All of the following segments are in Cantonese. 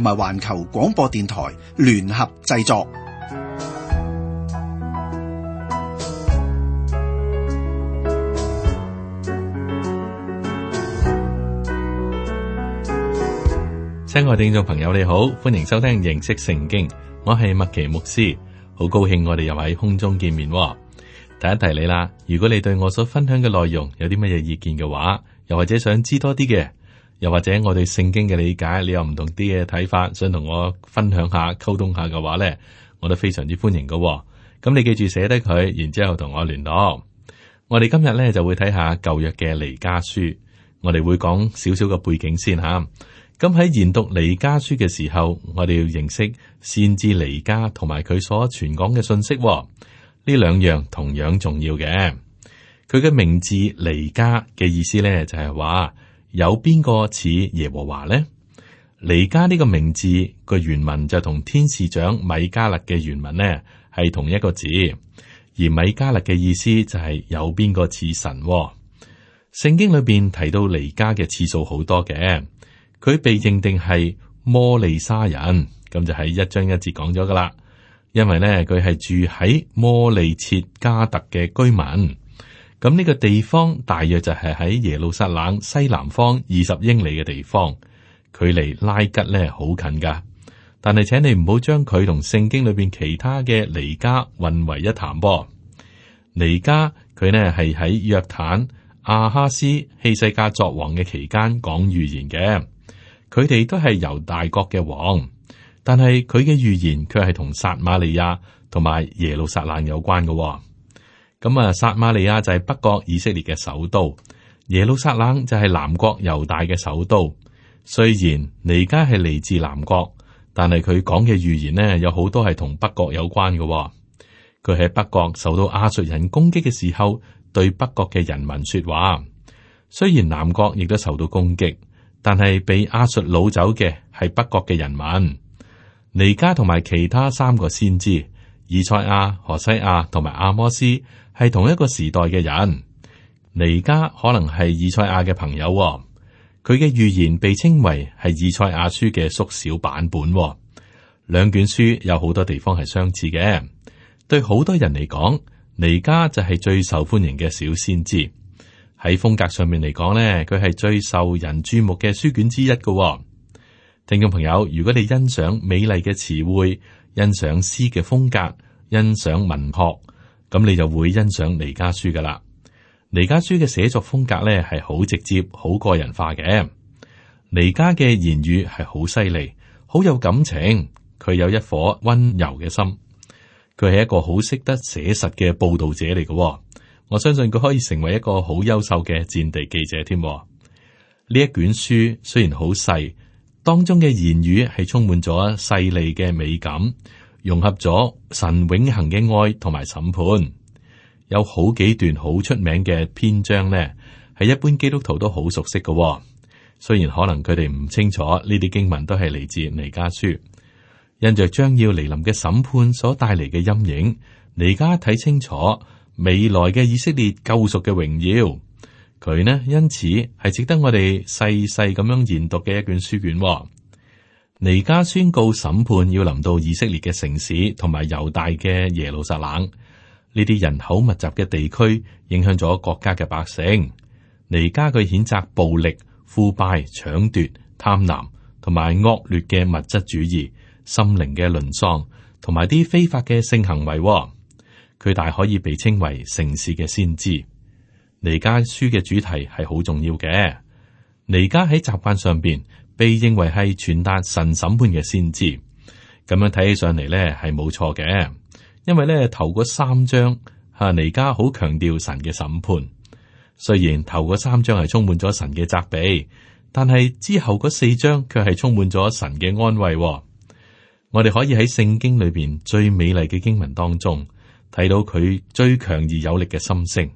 同埋環球廣播電台聯合製作。親愛的聽眾朋友，你好，歡迎收聽認識聖經，我係麥奇牧師，好高興我哋又喺空中見面。第一提你啦，如果你對我所分享嘅內容有啲乜嘢意見嘅話，又或者想知多啲嘅。又或者我對聖經嘅理解，你有唔同啲嘅睇法，想同我分享下、溝通下嘅話呢，我都非常之歡迎嘅、哦。咁你記住寫低佢，然之後同我聯絡。我哋今日呢就會睇下舊約嘅彌迦書，我哋會講少少嘅背景先吓。咁喺研讀彌迦書嘅時候，我哋要認識先知彌迦同埋佢所傳講嘅信息、哦，呢兩樣同樣重要嘅。佢嘅名字彌迦嘅意思呢，就係、是、話。有邊個似耶和華呢？彌迦呢個名字個原文就同天使長米迦勒嘅原文呢係同一個字，而米迦勒嘅意思就係有邊個似神。聖經裏邊提到彌迦嘅次數好多嘅，佢被認定係摩利沙人，咁就係、是、一章一節講咗噶啦。因為呢佢係住喺摩利切加特嘅居民。咁呢個地方大約就係喺耶路撒冷西南方二十英里嘅地方，距離拉吉咧好近噶。但係請你唔好將佢同聖經裏邊其他嘅彌迦混為一談噃。彌迦佢呢係喺約坦、亞哈斯、希西家作王嘅期間講預言嘅，佢哋都係猶大國嘅王，但係佢嘅預言卻係同撒瑪利亞同埋耶路撒冷有關噶。咁啊，撒瑪利亞就係北國以色列嘅首都，耶路撒冷就係南國猶大嘅首都。雖然彌迦係嚟自南國，但係佢講嘅預言呢，有好多係同北國有關嘅。佢喺北國受到亞述人攻擊嘅時候，對北國嘅人民說話。雖然南國亦都受到攻擊，但係畀亞述擄走嘅係北國嘅人民。彌迦同埋其他三個先知，以賽亞、何西亞同埋阿摩斯係同一個時代嘅人，彌迦可能係以賽亞嘅朋友、哦。佢嘅預言被稱為係以賽亞書嘅縮小版本、哦，兩卷書有好多地方係相似嘅。對好多人嚟講，彌迦就係最受歡迎嘅小先知。喺風格上面嚟講呢，佢係最受人注目嘅書卷之一嘅、哦。聽眾朋友，如果你欣賞美麗嘅詞彙。欣賞詩嘅風格，欣賞文學，咁你就會欣賞彌迦書㗎喇。彌迦書嘅寫作風格呢係好直接，好個人化嘅。彌迦嘅言語係好犀利，好有感情。佢有一顆溫柔嘅心，佢係一個好識得寫實嘅報道者嚟嘅。我相信佢可以成為一個好優秀嘅戰地記者添。呢一卷書雖然好細。當中嘅言語係充滿咗細膩嘅美感，融合咗神永恒嘅愛同埋審判。有好幾段好出名嘅篇章呢，係一般基督徒都好熟悉嘅。雖然可能佢哋唔清楚呢啲經文都係嚟自彌迦書，因着將要嚟臨嘅審判所帶嚟嘅陰影，彌迦睇清楚未來嘅以色列救贖嘅榮耀。佢呢，因此係值得我哋細細咁樣研讀嘅一卷書卷，哦。彌迦宣告審判要臨到以色列嘅城市同埋猶大嘅耶路撒冷呢啲人口密集嘅地區，影響咗國家嘅百姓。彌迦佢譴責暴力、腐敗、搶奪、貪婪同埋惡劣嘅物質主義、心靈嘅淪喪同埋啲非法嘅性行為，哦。佢大可以被稱為城市嘅先知。彌迦書嘅主題係好重要嘅。彌迦喺習慣上邊被認為係傳達神審判嘅先知，咁樣睇起上嚟咧，係冇錯嘅。因為咧頭嗰三章吓，彌迦好強調神嘅審判，雖然頭嗰三章係充滿咗神嘅責備，但係之後嗰四章卻係充滿咗神嘅安慰。我哋可以喺聖經裏邊最美麗嘅經文當中睇到佢最強而有力嘅心聲。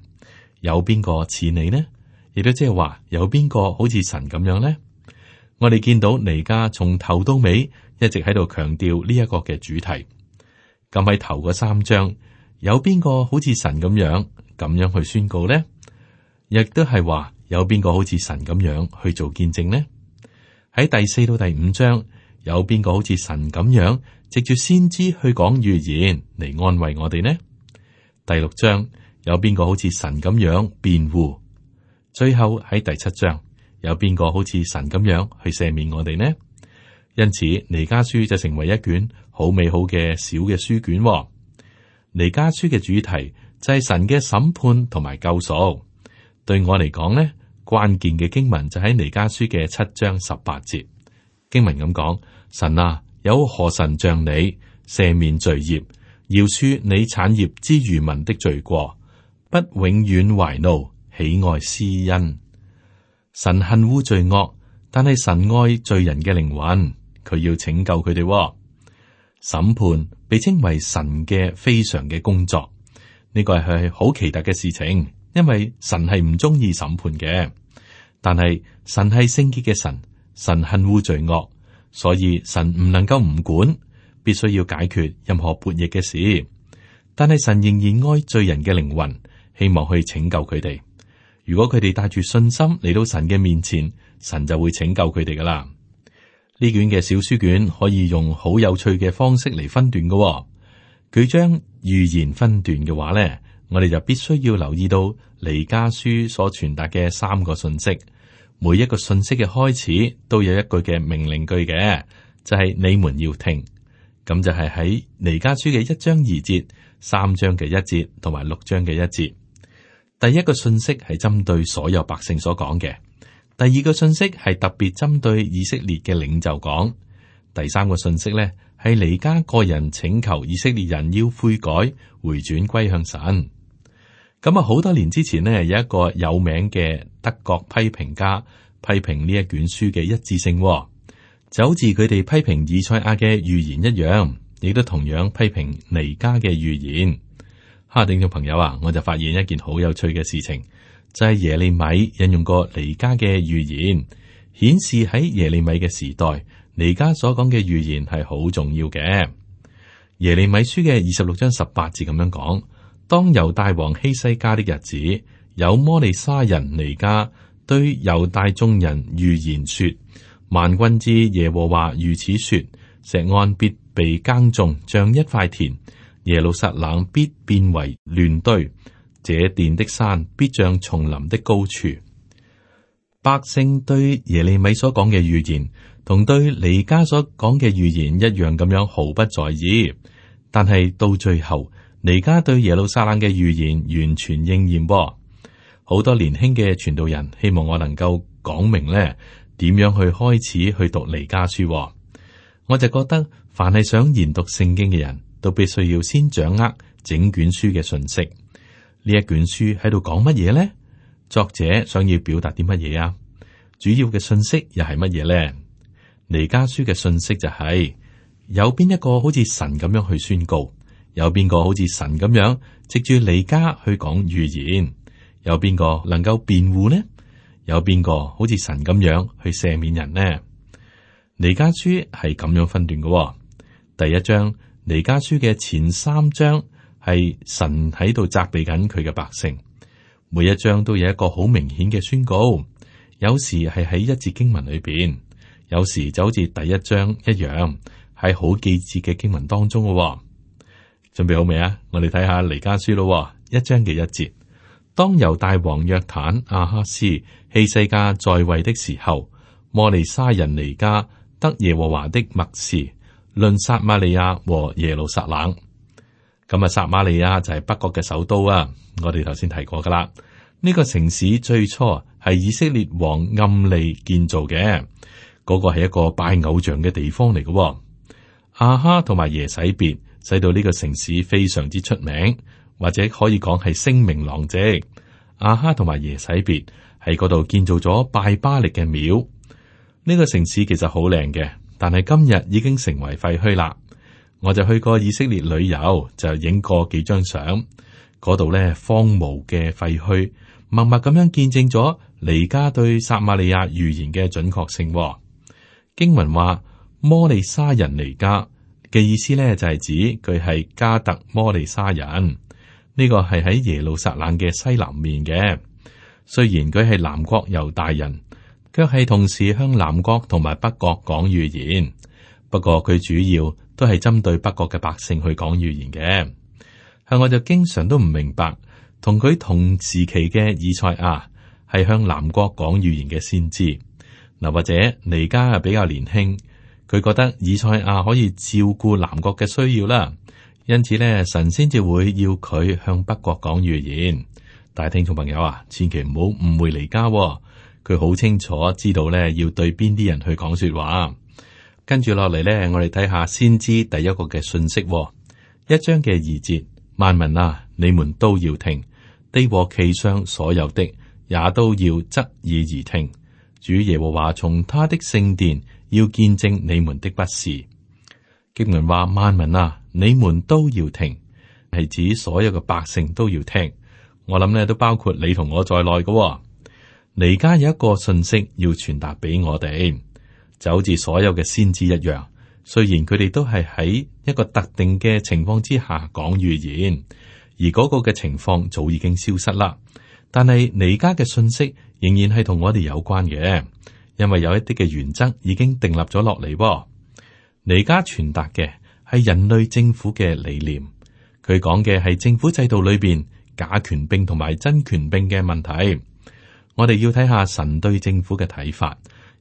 有邊個似你呢？亦都即係話有邊個好似神咁樣呢？我哋見到彌迦從頭到尾一直喺度強調呢一個嘅主題。咁喺頭嘅三章，有邊個好似神咁樣咁樣去宣告呢？亦都係話有邊個好似神咁樣去做見證呢？喺第四到第五章，有邊個好似神咁樣藉住先知去講預言嚟安慰我哋呢？第六章。有邊個好似神咁樣辯護？最後喺第七章有邊個好似神咁樣去赦免我哋呢？因此彌迦書就成為一卷好美好嘅小嘅書卷。彌迦書嘅主題就係神嘅審判同埋救贖。對我嚟講呢，關鍵嘅經文就喺彌迦書嘅七章十八節經文咁講：神啊，有何神像你赦免罪孽，饒恕你產業之餘民的罪過？不永遠懷怒，喜愛施恩。神恨惡罪惡，但係神愛罪人嘅靈魂，佢要拯救佢哋。審判被稱為神嘅非常嘅工作，呢個係係好奇特嘅事情，因為神係唔中意審判嘅，但係神係聖潔嘅神，神恨惡罪惡，所以神唔能夠唔管，必須要解決任何叛逆嘅事。但係神仍然愛罪人嘅靈魂。希望去拯救佢哋。如果佢哋帶住信心嚟到神嘅面前，神就會拯救佢哋噶啦。呢卷嘅小書卷可以用好有趣嘅方式嚟分段嘅，哦，佢將預言分段嘅話咧，我哋就必須要留意到彌迦書所傳達嘅三個信息。每一個信息嘅開始都有一句嘅命令句嘅，就係、是、你們要聽。咁就係喺彌迦書嘅一章二節、三章嘅一節同埋六章嘅一節。第一個信息係針對所有百姓所講嘅，第二個信息係特別針對以色列嘅領袖講，第三個信息呢，係彌迦個人請求以色列人要悔改、回轉、歸向神。咁啊，好多年之前呢，有一個有名嘅德國批評家批評呢一卷書嘅一致性喎，就好似佢哋批評以賽亞嘅預言一樣，亦都同樣批評彌迦嘅預言。哈、啊，聽眾朋友啊，我就發現一件好有趣嘅事情，就係、是、耶利米引用過彌迦嘅預言，顯示喺耶利米嘅時代，彌迦所講嘅預言係好重要嘅。耶利米書嘅二十六章十八節咁樣講：當猶大王希西家的日子，有摩利沙人彌迦對猶大眾人預言說：萬軍之耶和華如此說：錫安必被耕種，像一塊田。耶路撒冷必變為亂堆，這殿的山必像叢林的高處。百姓對耶利米所講嘅預言，同對彌迦所講嘅預言一樣咁樣毫不在意。但係到最後，彌迦對耶路撒冷嘅預言完全應驗。好多年輕嘅傳道人希望我能夠講明呢點樣去開始去讀彌迦書。我就覺得凡係想研讀聖經嘅人，都必須要先掌握整卷書嘅信息。呢一卷書喺度講乜嘢呢？作者想要表達啲乜嘢啊？主要嘅信息又係乜嘢呢？彌迦書嘅信息就係、是、有邊一個好似神咁樣去宣告，有邊個好似神咁樣藉住彌迦去講預言，有邊個能夠辯護呢？有邊個好似神咁樣去赦免人呢？彌迦書係咁樣分段嘅、哦。第一章。彌迦書嘅前三章係神喺度責備緊佢嘅百姓，每一章都有一個好明顯嘅宣告，有時係喺一節經文裏邊，有時就好似第一章一樣，喺好幾節嘅經文當中嘅、啊。準備好未啊？我哋睇下彌迦書咯，一章嘅一節，當猶大王約坦阿、啊、哈斯希西家在位的時候，摩利沙人彌迦得耶和華的默示。論撒瑪利亞和耶路撒冷，咁啊，撒瑪利亞就係北國嘅首都啊。我哋頭先提過噶啦，呢個城市最初係以色列王暗利建造嘅，嗰個係一個拜偶像嘅地方嚟嘅。亞哈同埋耶洗別使到呢個城市非常之出名，或者可以講係聲名狼藉。亞哈同埋耶洗別喺嗰度建造咗拜巴力嘅廟，呢個城市其實好靚嘅。但係今日已經成為廢墟啦，我就去過以色列旅遊，就影過幾張相，嗰度咧荒蕪嘅廢墟，默默咁樣見證咗彌迦對撒瑪利亞預言嘅準確性，哦。經文話摩利沙人彌迦嘅意思咧就係、是、指佢係加特摩利沙人，呢、這個係喺耶路撒冷嘅西南面嘅，雖然佢係南國猶大人。佢係同時向南國同埋北國講預言，不過佢主要都係針對北國嘅百姓去講預言嘅。向我就經常都唔明白，同佢同時期嘅以賽亞係向南國講預言嘅先知，嗱，或者彌迦啊比較年輕，佢覺得以賽亞可以照顧南國嘅需要啦，因此咧神先至會要佢向北國講預言。但係聽眾朋友啊，千祈唔好誤會彌迦。佢好清楚知道咧，要對邊啲人去講說話。跟住落嚟咧，我哋睇下先知第一個嘅信息，哦，一章嘅二節，萬民啊，你們都要聽，地和其上所有的也都要側耳而聽。主耶和華從他的聖殿要見證你們的不是。經文話：萬民啊，你們都要聽，係指所有嘅百姓都要聽。我諗咧都包括你同我在內嘅、哦。彌迦有一個信息要傳達俾我哋，就好似所有嘅先知一樣。雖然佢哋都係喺一個特定嘅情況之下講預言，而嗰個嘅情況早已經消失啦。但係彌迦嘅信息仍然係同我哋有關嘅，因為有一啲嘅原則已經定立咗落嚟。彌迦傳達嘅係人類政府嘅理念，佢講嘅係政府制度裏邊假權柄同埋真權柄嘅問題。我哋要睇下神對政府嘅睇法，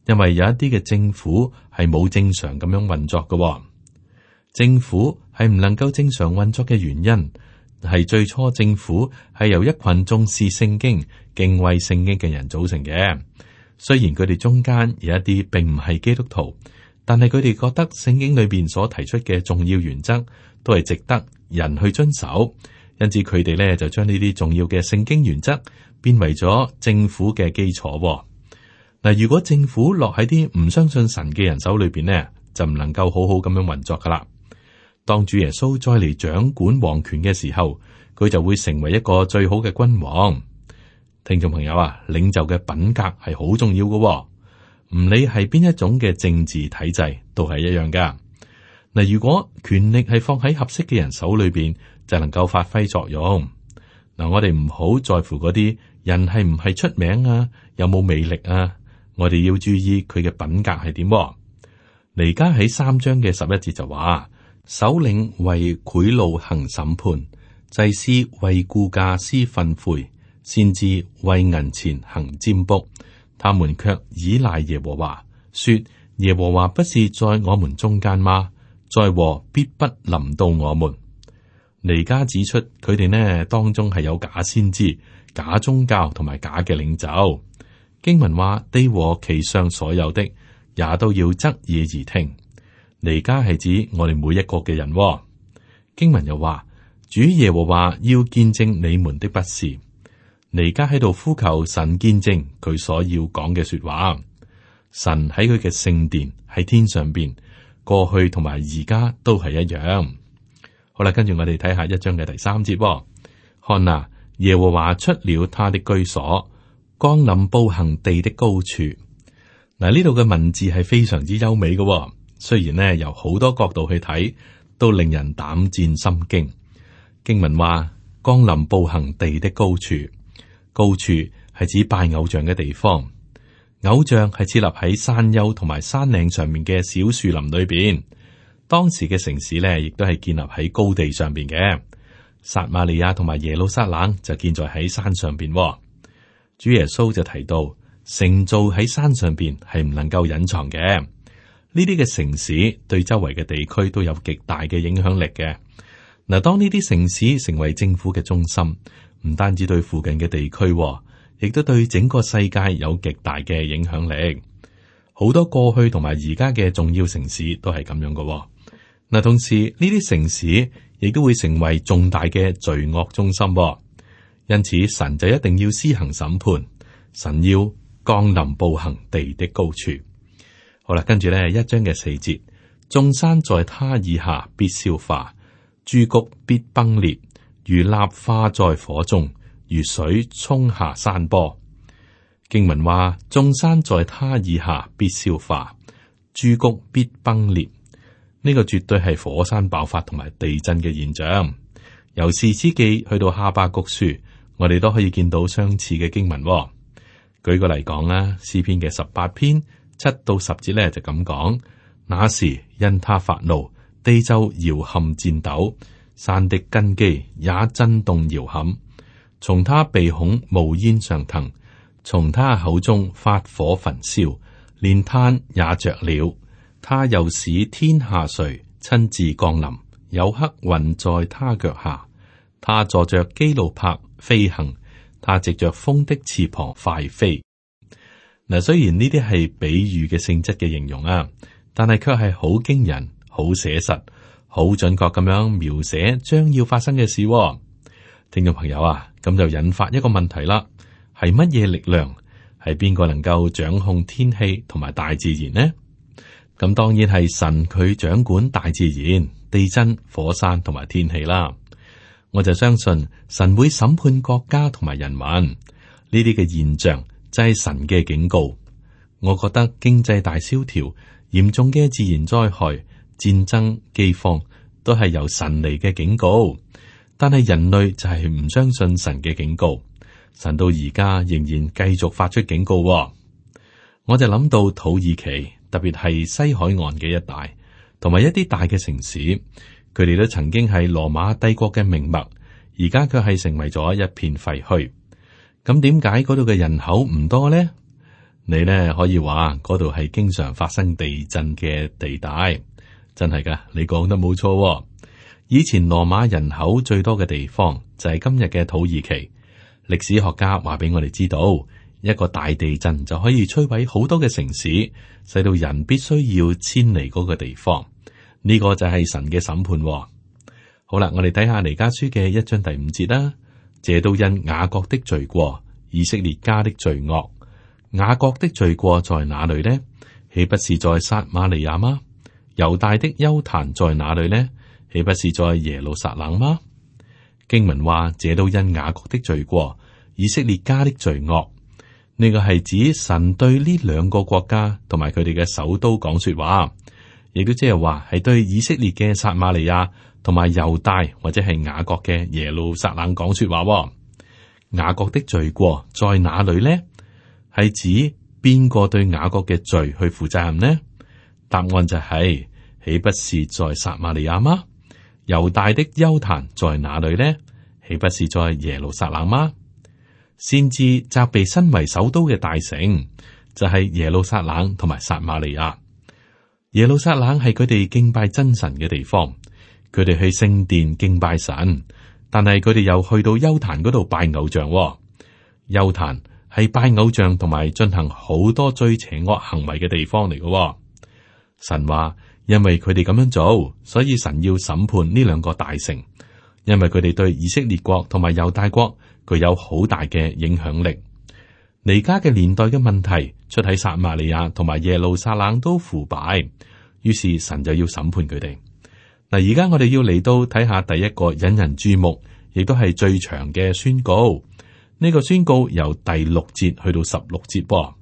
因為有一啲嘅政府係冇正常咁樣運作嘅。政府係唔能夠正常運作嘅原因，係最初政府係由一群重視聖經、敬畏聖經嘅人組成嘅。雖然佢哋中間有一啲並唔係基督徒，但係佢哋覺得聖經裏邊所提出嘅重要原則都係值得人去遵守，因此佢哋咧就將呢啲重要嘅聖經原則。變為咗政府嘅基礎嗱，如果政府落喺啲唔相信神嘅人手裏邊呢，就唔能夠好好咁樣運作噶啦。當主耶穌再嚟掌管皇權嘅時候，佢就會成為一個最好嘅君王。聽眾朋友啊，領袖嘅品格係好重要噶，唔理係邊一種嘅政治體制都係一樣噶。嗱，如果權力係放喺合適嘅人手裏邊，就能夠發揮作用。嗱，我哋唔好在乎嗰啲。人係唔係出名啊？有冇魅力啊？我哋要注意佢嘅品格係點，啊。彌迦喺三章嘅十一節就話：首領為賄賂行審判，祭司為雇價施訓誨，先知為銀錢行占卜。他們卻倚賴耶和華，說耶和華不是在我們中間嗎？災禍必不臨到我們。彌迦指出佢哋呢當中係有假先知。假宗教同埋假嘅領袖，經文話，地和其上所有的也都要側耳而聽。彌迦係指我哋每一個嘅人。經文又話，主耶和華要見證你們的不是。彌迦喺度呼求神見證佢所要講嘅說話。神喺佢嘅聖殿喺天上邊，過去同埋而家都係一樣。好啦，跟住我哋睇下一章嘅第三節、哦。看啊！耶和華出了他的居所，降臨步行地的高處。嗱，呢度嘅文字係非常之優美嘅，雖然呢，由好多角度去睇，都令人膽戰心驚。經文話：降臨步行地的高處，高處係指拜偶像嘅地方。偶像係設立喺山丘同埋山嶺上面嘅小樹林裏邊。當時嘅城市呢，亦都係建立喺高地上邊嘅。撒瑪利亞同埋耶路撒冷就建在喺山上邊，主耶穌就提到，城造喺山上邊係唔能夠隱藏嘅。呢啲嘅城市對周圍嘅地區都有極大嘅影響力嘅。嗱，當呢啲城市成為政府嘅中心，唔單止對附近嘅地區，亦都對整個世界有極大嘅影響力。好多過去同埋而家嘅重要城市都係咁樣嘅。嗱，同時呢啲城市。亦都會成為重大嘅罪惡中心，因此神就一定要施行審判，神要降臨步行地的高處。好啦，跟住咧一章嘅四節，眾山在他以下必消化，諸谷必崩裂，如蠟化在火中，如水沖下山坡。」經文話：眾山在他以下必消化，諸谷必崩裂。呢個絕對係火山爆發同埋地震嘅現象。由《士師記》去到《哈巴谷書》，我哋都可以見到相似嘅經文。舉個嚟講啦，《詩篇》嘅十八篇七到十節咧，就咁講：那時因他發怒，地就搖撼戰抖，山的根基也震動搖撼。從他鼻孔冒煙上騰，從他口中發火焚燒，連炭也着了。他又使天下垂，親自降臨。有黑雲在他腳下，他坐着基路柏飛行，他藉着風的翅膀快飛。嗱，雖然呢啲係比喻嘅性質嘅形容啊，但係卻係好驚人、好寫實、好準確咁樣描寫將要發生嘅事。聽眾朋友啊，咁就引發一個問題啦：係乜嘢力量？係邊個能夠掌控天氣同埋大自然呢？咁當然係神佢掌管大自然、地震、火山同埋天氣啦。我就相信神會審判國家同埋人民呢啲嘅現象，即係神嘅警告。我覺得經濟大蕭條、嚴重嘅自然災害、戰爭、饑荒都係由神嚟嘅警告。但係人類就係唔相信神嘅警告，神到而家仍然繼續發出警告。我就諗到土耳其。特別係西海岸嘅一帶，同埋一啲大嘅城市，佢哋都曾經係羅馬帝國嘅命脈，而家卻係成為咗一片廢墟。咁點解嗰度嘅人口唔多呢？你呢可以話嗰度係經常發生地震嘅地帶，真係㗎，你講得冇錯喎。以前羅馬人口最多嘅地方就係今日嘅土耳其，歷史學家話俾我哋知道。一個大地震就可以摧毀好多嘅城市，使到人必須要遷離嗰個地方。呢、這個就係神嘅審判、哦。好啦，我哋睇下彌迦書嘅一章第五節啦。這都因雅國的罪過，以色列家的罪惡。雅國的罪過在哪裏呢？豈不是在撒瑪利亞嗎？猶大的邱壇在哪裏呢？豈不是在耶路撒冷嗎？經文話：這都因雅國的罪過，以色列家的罪惡。呢個係指神對呢兩個國家同埋佢哋嘅首都講說話，亦都即係話係對以色列嘅撒瑪利亞同埋猶大或者係雅國嘅耶路撒冷講說話。雅國的罪過在哪裏呢？係指邊個對雅國嘅罪去負責任呢？答案就係、是、豈不是在撒瑪利亞嗎？猶大的丘壇在哪裏呢？豈不是在耶路撒冷嗎？先至責備身為首都嘅大城，就係、是、耶路撒冷同埋撒馬利亞。耶路撒冷係佢哋敬拜真神嘅地方，佢哋去聖殿敬拜神，但係佢哋又去到丘壇嗰度拜偶像、哦。丘壇係拜偶像同埋進行好多最邪惡行為嘅地方嚟嘅、哦。神話因為佢哋咁樣做，所以神要審判呢兩個大城，因為佢哋對以色列國同埋猶大國。具有好大嘅影響力。彌迦嘅年代嘅問題出喺撒瑪利亞同埋耶路撒冷都腐敗，於是神就要審判佢哋。嗱，而家我哋要嚟到睇下第一個引人注目，亦都係最長嘅宣告。呢個宣告由第六節去到十六節噃，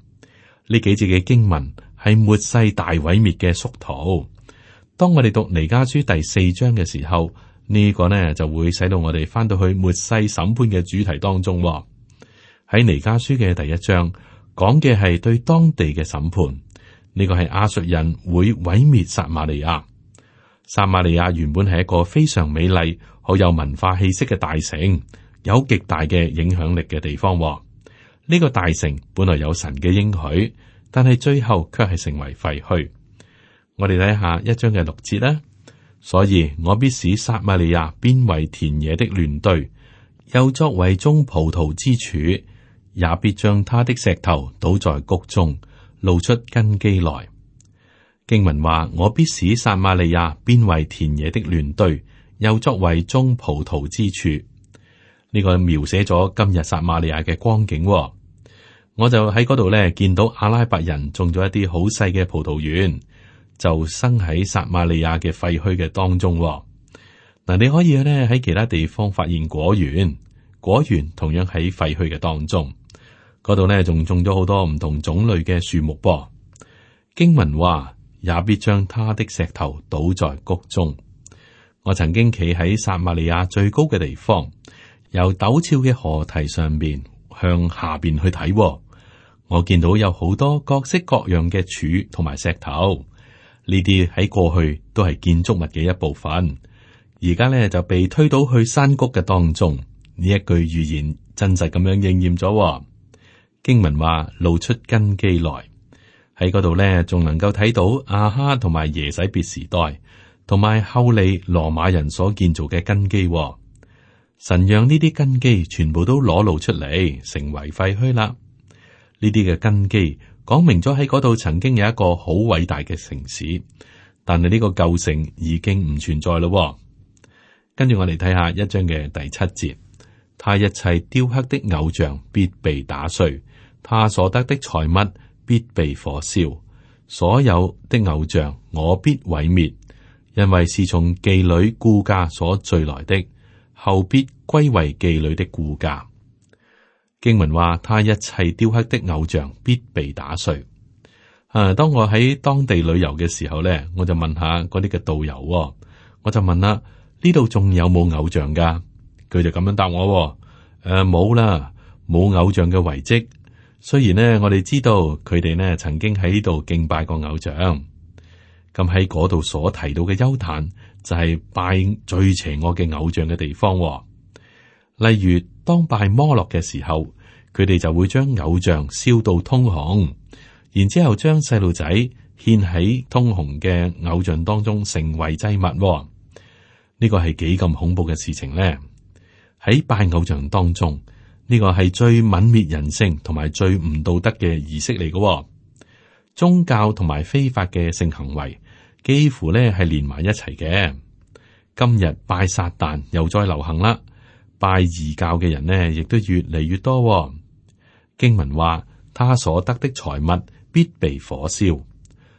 呢幾節嘅經文係末世大毀滅嘅縮圖。當我哋讀彌迦書第四章嘅時候。呢個呢就會使到我哋翻到去末世審判嘅主題當中喎、哦。喺彌迦書嘅第一章講嘅係對當地嘅審判，呢、這個係亞述人會毀滅撒瑪利亞。撒瑪利亞原本係一個非常美麗、好有文化氣息嘅大城，有極大嘅影響力嘅地方、哦。呢、這個大城本來有神嘅應許，但係最後卻係成為廢墟。我哋睇下一章嘅六節啦。所以我必使撒瑪利亞變為田野的亂堆，又作為種葡萄之處，也必將他的石頭倒在谷中，露出根基來。經文話：我必使撒瑪利亞變為田野的亂堆，又作為種葡萄之處。呢個描寫咗今日撒瑪利亞嘅光景、哦。我就喺嗰度咧見到阿拉伯人種咗一啲好細嘅葡萄園。就生喺撒瑪利亞嘅廢墟嘅當中嗱、哦，你可以咧喺其他地方發現果園，果園同樣喺廢墟嘅當中嗰度，呢仲種咗好多唔同種類嘅樹木。噃，經文話，也必將他的石頭倒在谷中。我曾經企喺撒瑪利亞最高嘅地方，由陡峭嘅河堤上邊向下邊去睇、哦，我見到有好多各式各樣嘅柱同埋石頭。呢啲喺過去都係建築物嘅一部分，而家咧就被推倒去山谷嘅當中。呢一句預言真實咁樣應驗咗、哦。經文話，露出根基來，喺嗰度咧仲能夠睇到亞哈同埋耶洗別時代同埋後嚟羅馬人所建造嘅根基、哦。神讓呢啲根基全部都裸露出嚟，成為廢墟啦。呢啲嘅根基。講明咗喺嗰度曾經有一個好偉大嘅城市，但係呢個舊城已經唔存在咯。跟住我哋睇下一章嘅第七節，他一切雕刻的偶像必被打碎，他所得的財物必被火燒，所有的偶像我必毀滅，因為是從妓女雇價所聚來的，後必歸為妓女的雇價。經文話，他一切雕刻的偶像必被打碎。啊，當我喺當地旅遊嘅時候咧，我就問下嗰啲嘅導遊，我就問啦，呢度仲有冇偶像噶？佢就咁樣答我，誒、啊，冇啦，冇偶像嘅遺跡。雖然呢，我哋知道佢哋咧曾經喺呢度敬拜過偶像，咁喺嗰度所提到嘅丘壇就係拜最邪惡嘅偶像嘅地方，例如。當拜摩洛嘅時候，佢哋就會將偶像燒到通紅，然之後將細路仔獻喺通紅嘅偶像當中，成為祭物。呢個係幾咁恐怖嘅事情呢？喺拜偶像當中，呢個係最泯滅人性同埋最唔道德嘅儀式嚟嘅。宗教同埋非法嘅性行為幾乎咧係連埋一齊嘅。今日拜撒旦又再流行啦。拜異教嘅人呢，亦都越嚟越多，哦。經文話，他所得的財物必被火燒。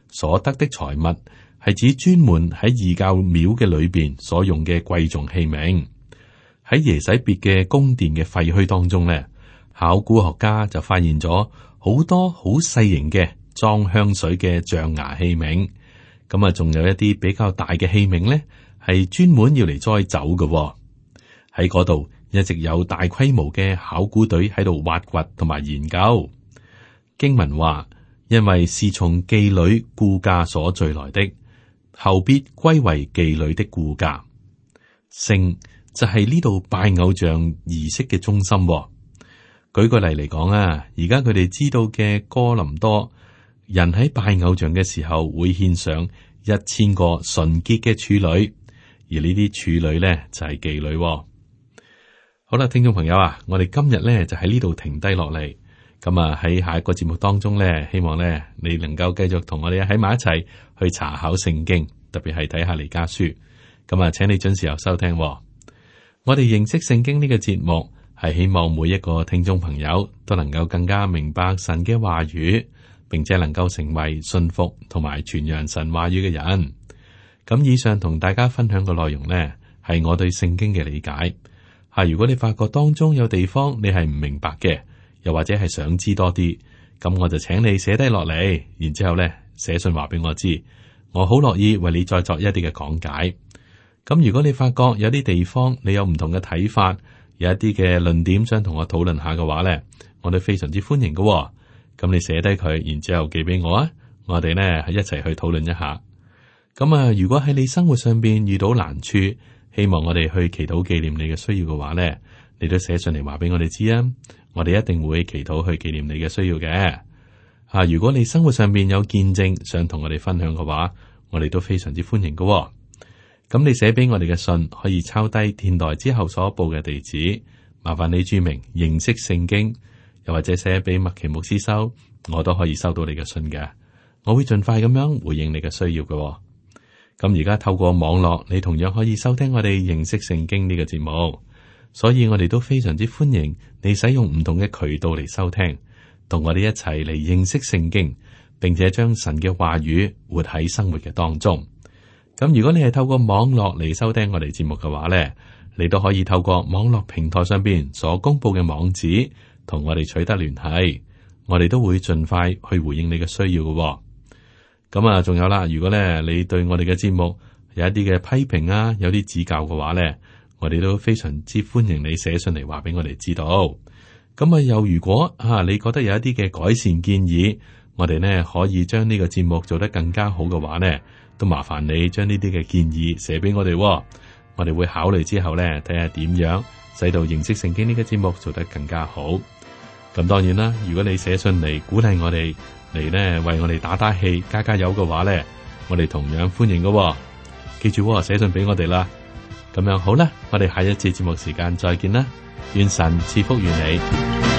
所得的財物係指專門喺異教廟嘅裏邊所用嘅貴重器皿。喺耶洗別嘅宮殿嘅廢墟當中呢，考古學家就發現咗好多好細型嘅裝香水嘅象牙器皿。咁啊，仲有一啲比較大嘅器皿呢，哦，係專門要嚟載酒嘅。喺嗰度一直有大規模嘅考古隊喺度挖掘同埋研究。經文話，因為是從妓女雇價所聚來的，後必歸為妓女的雇價。性就係呢度拜偶像儀式嘅中心。舉個例嚟講啊，而家佢哋知道嘅哥林多人喺拜偶像嘅時候會獻上一千個純潔嘅處女，而呢啲處女咧就係妓女。好啦，聽眾朋友啊，我哋今日咧就喺呢度停低落嚟。咁啊，喺下一個節目當中咧，希望咧你能夠繼續同我哋喺埋一齊去查考聖經，特別係睇下《彌迦書》。咁啊，請你準時候收聽哦。我哋認識聖經呢個節目，係希望每一個聽眾朋友都能夠更加明白神嘅話語，並且能夠成為信服同埋傳揚神話語嘅人。咁以上同大家分享嘅內容咧，係我對聖經嘅理解。吓，如果你發覺當中有地方你係唔明白嘅，又或者係想知多啲，咁我就請你寫低落嚟，然之後咧寫信話俾我知，我好樂意為你再作一啲嘅講解。咁如果你發覺有啲地方你有唔同嘅睇法，有一啲嘅論點想同我討論下嘅話咧，我都非常之歡迎嘅喎。咁你寫低佢，然之後寄俾我啊，我哋咧係一齊去討論一下。咁啊，如果喺你生活上邊遇到難處。希望我哋去祈禱紀念你嘅需要嘅話呢，你都寫上嚟，話俾我哋知啊！我哋一定會祈禱去紀念你嘅需要嘅。啊，如果你生活上面有見證想同我哋分享嘅話，我哋都非常之歡迎㗎喎。咁你寫俾我哋嘅信可以抄低電台之後所報嘅地址，麻煩你注明認識聖經，又或者寫俾麥奇牧師收，我都可以收到你嘅信嘅。我會盡快咁樣回應你嘅需要㗎喎。咁而家透過網絡，你同樣可以收聽我哋認識聖經呢個節目，所以我哋都非常之歡迎你使用唔同嘅渠道嚟收聽，同我哋一齊嚟認識聖經，並且將神嘅話語活喺生活嘅當中。咁如果你係透過網絡嚟收聽我哋節目嘅話呢，你都可以透過網絡平台上邊所公布嘅網址，同我哋取得聯繫，我哋都會盡快去回應你嘅需要嘅。咁啊，仲有啦，如果咧你對我哋嘅節目有一啲嘅批評啊，有啲指教嘅話咧，我哋都非常之歡迎你寫信嚟，話俾我哋知道。咁啊，又如果啊，你覺得有一啲嘅改善建議，我哋咧可以將呢個節目做得更加好嘅話咧，都麻煩你將呢啲嘅建議寫俾我哋，我哋會考慮之後咧，睇下點樣使到認識聖經呢個節目做得更加好。咁當然啦，如果你寫信嚟鼓勵我哋，嚟咧為我哋打打氣、加加油嘅話咧，我哋同樣歡迎㗎喎。記住喎，寫信俾我哋啦。咁樣好啦，我哋下一次節目時間再見啦。願神賜福於你。